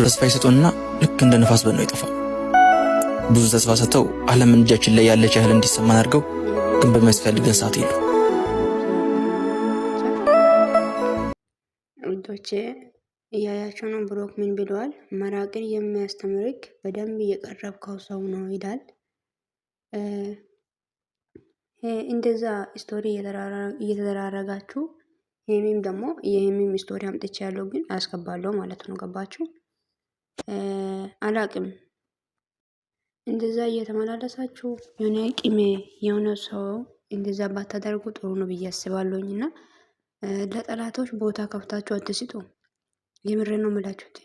ተስፋ ይሰጡና ልክ እንደ ነፋስ በነው ይጠፋል። ብዙ ተስፋ ሰጥተው ዓለም እጃችን ላይ ያለች ያህል እንዲሰማን አድርገው ግን በሚያስፈልገን ሰዓት የለም። ውዶቼ እያያቸው ነው። ብሮክ ምን ብለዋል? መራቅን የሚያስተምርክ በደንብ እየቀረብከው ሰው ነው ይላል። እንደዛ ስቶሪ እየተደራረጋችሁ ይህሚም ደግሞ የህሚም ስቶሪ አምጥቼ ያለው ግን አያስገባለው ማለት ነው። ገባችሁ? አላቅም እንደዛ እየተመላለሳችሁ የሆነ ቂሜ የሆነ ሰው እንደዛ ባታደርጉ ጥሩ ነው ብዬ አስባለሁኝ። እና ለጠላቶች ቦታ ከፍታችሁ አትስጡ። የምሬ ነው ምላችሁት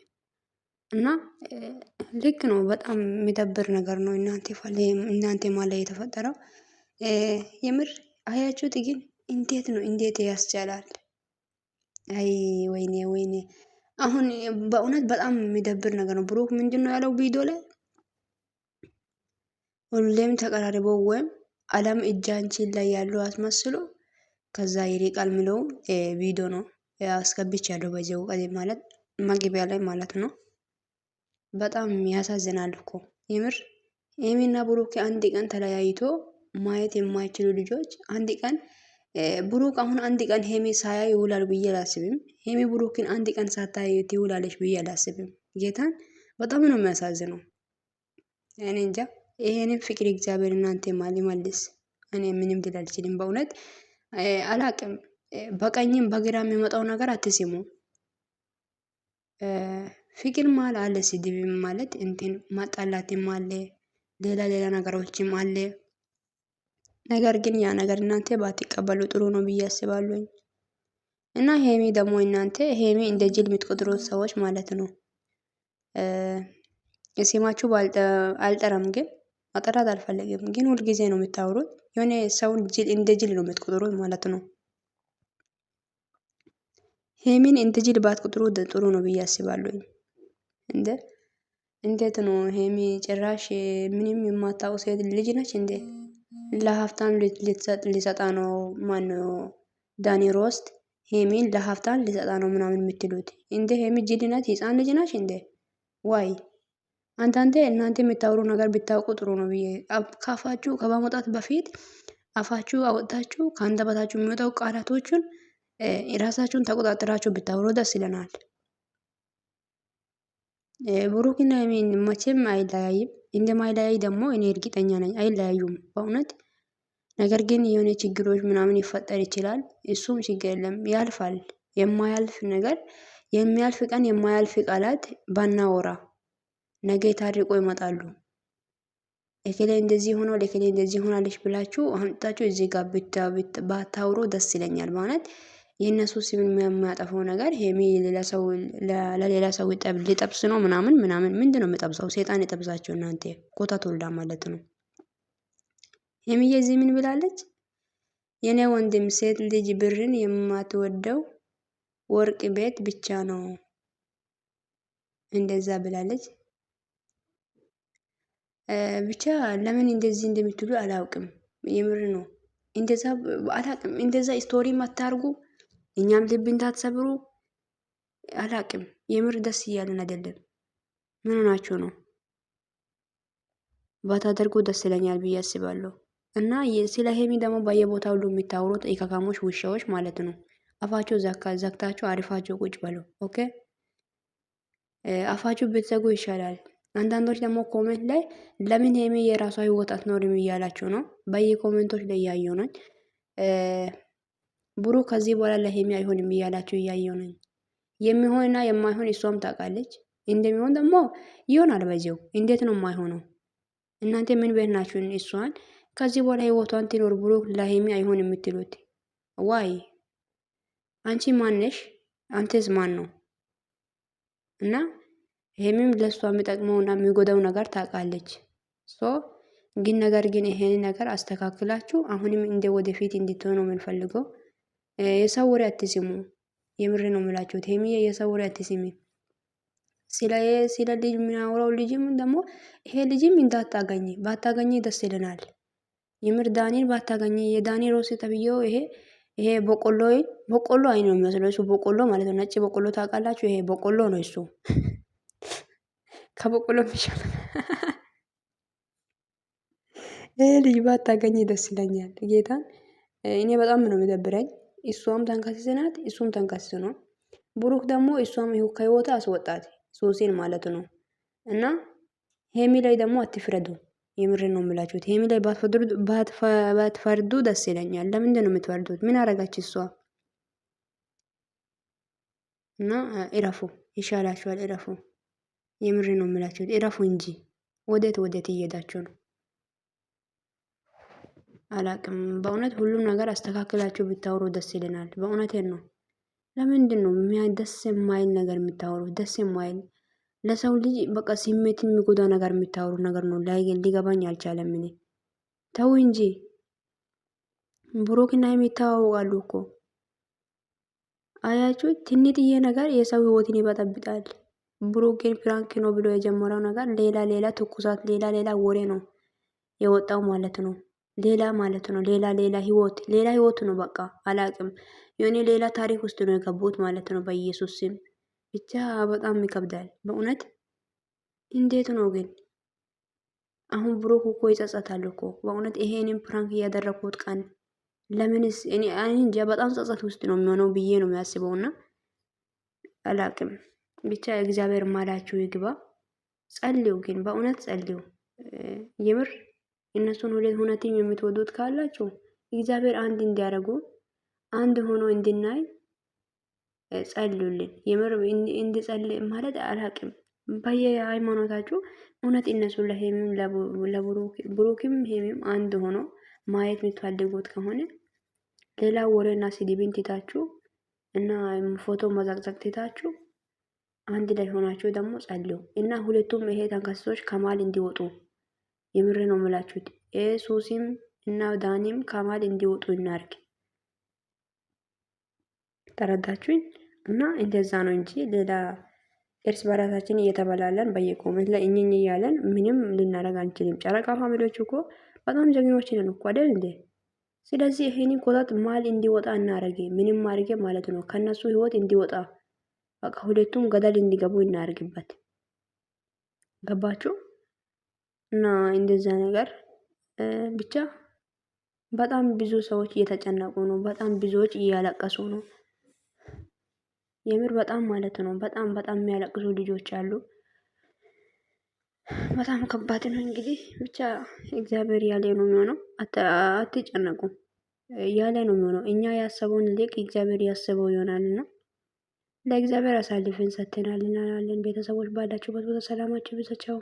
እና ልክ ነው። በጣም የሚደብር ነገር ነው። እናንተ ማለ የተፈጠረው የምር አያችሁት። ግን እንዴት ነው እንዴት ያስቻላል? አይ ወይኔ ወይኔ አሁን በእውነት በጣም የሚደብር ነገር ነው። ብሩክ ምንድን ነው ያለው ቪዲዮ ላይ ሁሌም ተቀራርበው ወይም አለም እጃንችን ላይ ያለው አስመስሎ ከዛ ይሪቃል የሚለው ቪዲዮ ነው አስገብቼ ያለው በዚው ማለት መግቢያ ላይ ማለት ነው። በጣም ያሳዝናል እኮ የምር ሀይሚና ብሩክ አንድ ቀን ተለያይቶ ማየት የማይችሉ ልጆች አንድ ቀን ብሩክ አሁን አንድ ቀን ሄሚ ሳያይ ይውላል ብዬ አላስብም። ሄሜ ብሩክን አንድ ቀን ሳታይ ትውላለች ብዬ አላስብም። ጌታን በጣም ነው የሚያሳዝነው። እኔ እንጃ። ይሄንን ፍቅር እግዚአብሔር እናንተ ማል መልስ። እኔ ምንም ልል አልችልም። በእውነት አላቅም። በቀኝም በግራ የሚመጣው ነገር አትስሙ። ፍቅር ማል አለ፣ ስድብም ማለት እንትን ማጣላትም አለ፣ ሌላ ሌላ ነገሮችም አለ። ነገር ግን ያ ነገር እናንተ ባትቀበሉ ጥሩ ነው ብዬ አስባለሁኝ። እና ሄሚ ደግሞ እናንተ ሄሚ እንደ ጅል የምትቆጥሩት ሰዎች ማለት ነው። የስማችሁ አልጠራም፣ ግን ማጠራት አልፈለግም፣ ግን ሁልጊዜ ነው የምታወሩት። የሆነ ሰውን ጅል እንደ ጅል ነው የምትቆጥሩት ማለት ነው። ሄሚን እንደ ጅል ባትቆጥሩ ጥሩ ነው ብዬ አስባለሁኝ። እንዴ እንዴት ነው ሄሚ ጭራሽ ምንም የማታውቅ ሴት ልጅ ነች እንዴ? ለሀብታም ሊሰጣ ነው ማነው ዳኒ ሮስት ሄሚን ለሀብታም ሊሰጣ ነው ምናምን የምትሉት እንደ ሄሚ ጅል ህፃን ልጅ ናች እንዴ? ዋይ አንዳንዴ እናንተ የምታወሩ ነገር ብታውቁ ጥሩ ነው ብዬ ከአፋችሁ ከማውጣት በፊት አፋችሁ አወጣችሁ ከአንደበታችሁ የሚወጣው ቃላቶቹን ራሳችሁን ተቆጣጥራችሁ ብታወሩ ደስ ይለናል። ብሩክና ሄሚን መቼም አይለያይም። እንደማይለያይ ደግሞ እኔ እርግጠኛ ነኝ። አይለያዩም በእውነት ነገር ግን የሆነ ችግሮች ምናምን ይፈጠር ይችላል። እሱም ችግር የለም ያልፋል። የማያልፍ ነገር የሚያልፍ ቀን የማያልፍ ቃላት ባናወራ ነገ ታርቆ ይመጣሉ። እከሌ እንደዚህ ሆኖ ለእከሌ እንደዚህ ሆናለች ብላችሁ አምጥታችሁ እዚህ ጋር ባታውሩ ደስ ይለኛል ማለት የእነሱ ስም የሚያጠፈው ነገር ሄሚ ለሌላ ሰው ሊጠብስ ነው ምናምን ምናምን። ምንድ ነው የምጠብሰው? ሴጣን የጠብሳቸው እናንተ ኮታ ትወልዳ ማለት ነው። ሄሚዬ የዚህ ምን ብላለች? የኔ ወንድም ሴት ልጅ ብርን የማትወደው ወርቅ ቤት ብቻ ነው እንደዛ ብላለች። ብቻ ለምን እንደዚህ እንደምትሉ አላውቅም። የምር ነው እንደዛ አላውቅም። እንደዛ ስቶሪ ማታርጉ እኛም ልብ እንዳትሰብሩ። አላቅም የምር ደስ እያለን አይደለም። ምን ሆናችሁ ነው? ባታደርጉ ደስ ይለኛል ብዬ አስባለሁ። እና ስለ ሄሚ ደግሞ በየቦታ ሁሉ የሚታወሩት ኢካካሞች ውሻዎች ማለት ነው። አፋቸው ዘግታቸው አሪፋቸው ቁጭ በሉ። ኦኬ አፋቸው ብትዘጉ ይሻላል። አንዳንዶች ደግሞ ኮሜንት ላይ ለምን ሄሚ የራሷ ህይወት አትኖርም እያላቸው ነው። በየኮሜንቶች ላይ እያየው ነኝ። ብሩ ከዚህ በኋላ ለሄሚ አይሆንም እያላችሁ እያየው ነኝ። የሚሆንና የማይሆን እሷም ታውቃለች። እንደሚሆን ደግሞ ይሆናል። በዚው እንዴት ነው የማይሆነው? እናንተ ምን ቤት ናችሁ? እሷን ከዚህ በኋላ ህይወቷን ትኖር ብሩ ለሄሚ አይሆን የምትሉት ዋይ አንቺ ማነሽ? አንተስ ማን ነው? እና ሄሚም ለሷ የሚጠቅመውና የሚጎዳው ነገር ታውቃለች። ሶ ግን ነገር ግን ይሄን ነገር አስተካክላችሁ አሁንም እንደ ወደፊት እንድትሆኑ የምንፈልገው የሰው ወሬ አትስሙ። የምር ነው ምላችሁ ሄሚዬ የሰው ወሬ አትስሚ። ስለ ልጅ የሚያወራው ልጅም ደግሞ ይሄ ልጅም እንዳታገኝ ባታገኝ ደስ ይለናል። የምር ዳኒን ባታገኝ የዳኒ ሮስ ተብዬው ይሄ ይሄ በቆሎ በቆሎ አይ ነው የሚመስለው እሱ በቆሎ ማለት ነው። ነጭ በቆሎ ታውቃላችሁ? ይሄ በቆሎ ነው እሱ ከበቆሎ የሚሻል ይሄ ልጅ ባታገኝ ደስ ይለኛል። ጌታን እኔ በጣም ነው የሚደብረኝ። እሷም ተንከሲስ ናት፣ እሱም ተንከሲስ ነው። ብሩክ ደግሞ እሷም ከህይወታ አስወጣት ሶሴን ማለት ነው። እና ሄሚ ላይ ደግሞ አትፍረዱ። የምር ነው የምላችሁት። ሄሚ ላይ ባትፈርዱ ደስ ይለኛል። ለምንድን ነው የምትፈርዱት? ምን አረጋች እሷ? እና እረፉ፣ ይሻላችኋል። እረፉ። የምር ነው የምላችሁት። እረፉ እንጂ ወዴት ወዴት እየሄዳችሁ ነው? አላቅም። በእውነት ሁሉም ነገር አስተካክላችሁ ብታወሩ ደስ ይለናል። በእውነቴን ነው። ለምንድን ነው ደስ የማይል ነገር የምታወሩ? ደስ የማይል ለሰው ልጅ በቃ ስሜትን የሚጎዳ ነገር የሚታወሩ ነገር ነው። ሊገባኝ አልቻለም። እኔ ተው እንጂ ብሩክና የሚታዋወቃሉ እኮ አያችሁ። ትንጥዬ ነገር የሰው ህይወትን ይበጠብጣል። ብሩክን ፍራንክ ነው ብሎ የጀመረው ነገር ሌላ ሌላ ትኩሳት፣ ሌላ ሌላ ወሬ ነው የወጣው ማለት ነው። ሌላ ማለት ነው። ሌላ ሌላ ህይወት ሌላ ህይወት ነው። በቃ አላቅም የሆነ ሌላ ታሪክ ውስጥ ነው የገቡት ማለት ነው። በኢየሱስ ስም ብቻ በጣም ይከብዳል በእውነት። እንዴት ነው ግን አሁን ብሩክ እኮ ይጸጸታል እኮ በእውነት ይሄንን ፕራንክ እያደረግኩት ቀን ለምንስ እኔ በጣም ጸጸት ውስጥ ነው የሚሆነው ብዬ ነው የሚያስበውና አላቅም ብቻ እግዚአብሔር ማላችሁ ይግባ። ጸልዩ ግን በእውነት ጸልዩ የምር እነሱን ሁለት ሁነትም የምትወዱት ካላችሁ እግዚአብሔር አንድ እንዲያደርጉ አንድ ሆኖ እንድናይ ጸልዩልን። የምር እንድጸልይ ማለት አላቅም። ሃይማኖታችሁ እውነት እነሱ ለሄሚም ለብሩክም ሄሚም አንድ ሆኖ ማየት የምትፈልጉት ከሆነ ሌላ ወሬና ስድብን ትታችሁ እና ፎቶ መዘቅዘቅ ትታችሁ አንድ ላይ ሆናችሁ ደግሞ ጸልዩ እና ሁለቱም ይሄ ተንከሶች ከማል እንዲወጡ የምር ነው የምላችሁት። ሱሲም እና ዳኒም ከማል እንዲወጡ እናርግ። ተረዳችሁኝ? እና እንደዛ ነው እንጂ ሌላ እርስ በራሳችን እየተበላለን በየኮመንት ላይ እኝኝ እያለን ምንም ልናደርግ አንችልም። ጨረቃ ፋሚሊዎች እኮ በጣም ጀግኖች ነን እኮ አይደል እንዴ? ስለዚህ ይህን ኮታት ማል እንዲወጣ እናደርግ፣ ምንም አድርገ ማለት ነው ከነሱ ህይወት እንዲወጣ በቃ ሁለቱም ገደል እንዲገቡ እናደርግበት። ገባችሁ? እና እንደዛ ነገር ብቻ በጣም ብዙ ሰዎች እየተጨነቁ ነው። በጣም ብዙዎች እያለቀሱ ነው። የምር በጣም ማለት ነው። በጣም በጣም የሚያለቅሱ ልጆች አሉ። በጣም ከባድ ነው። እንግዲህ ብቻ እግዚአብሔር ያለ ነው የሚሆነው። አትጨነቁ ያለ ነው የሚሆነው። እኛ ያሰበውን ልቅ እግዚአብሔር ያስበው ይሆናልና ለእግዚአብሔር አሳልፍን ሰጥተናል ቤተሰቦች ባላችሁበት ቦታ ሰላማችሁ ይብዛችሁ።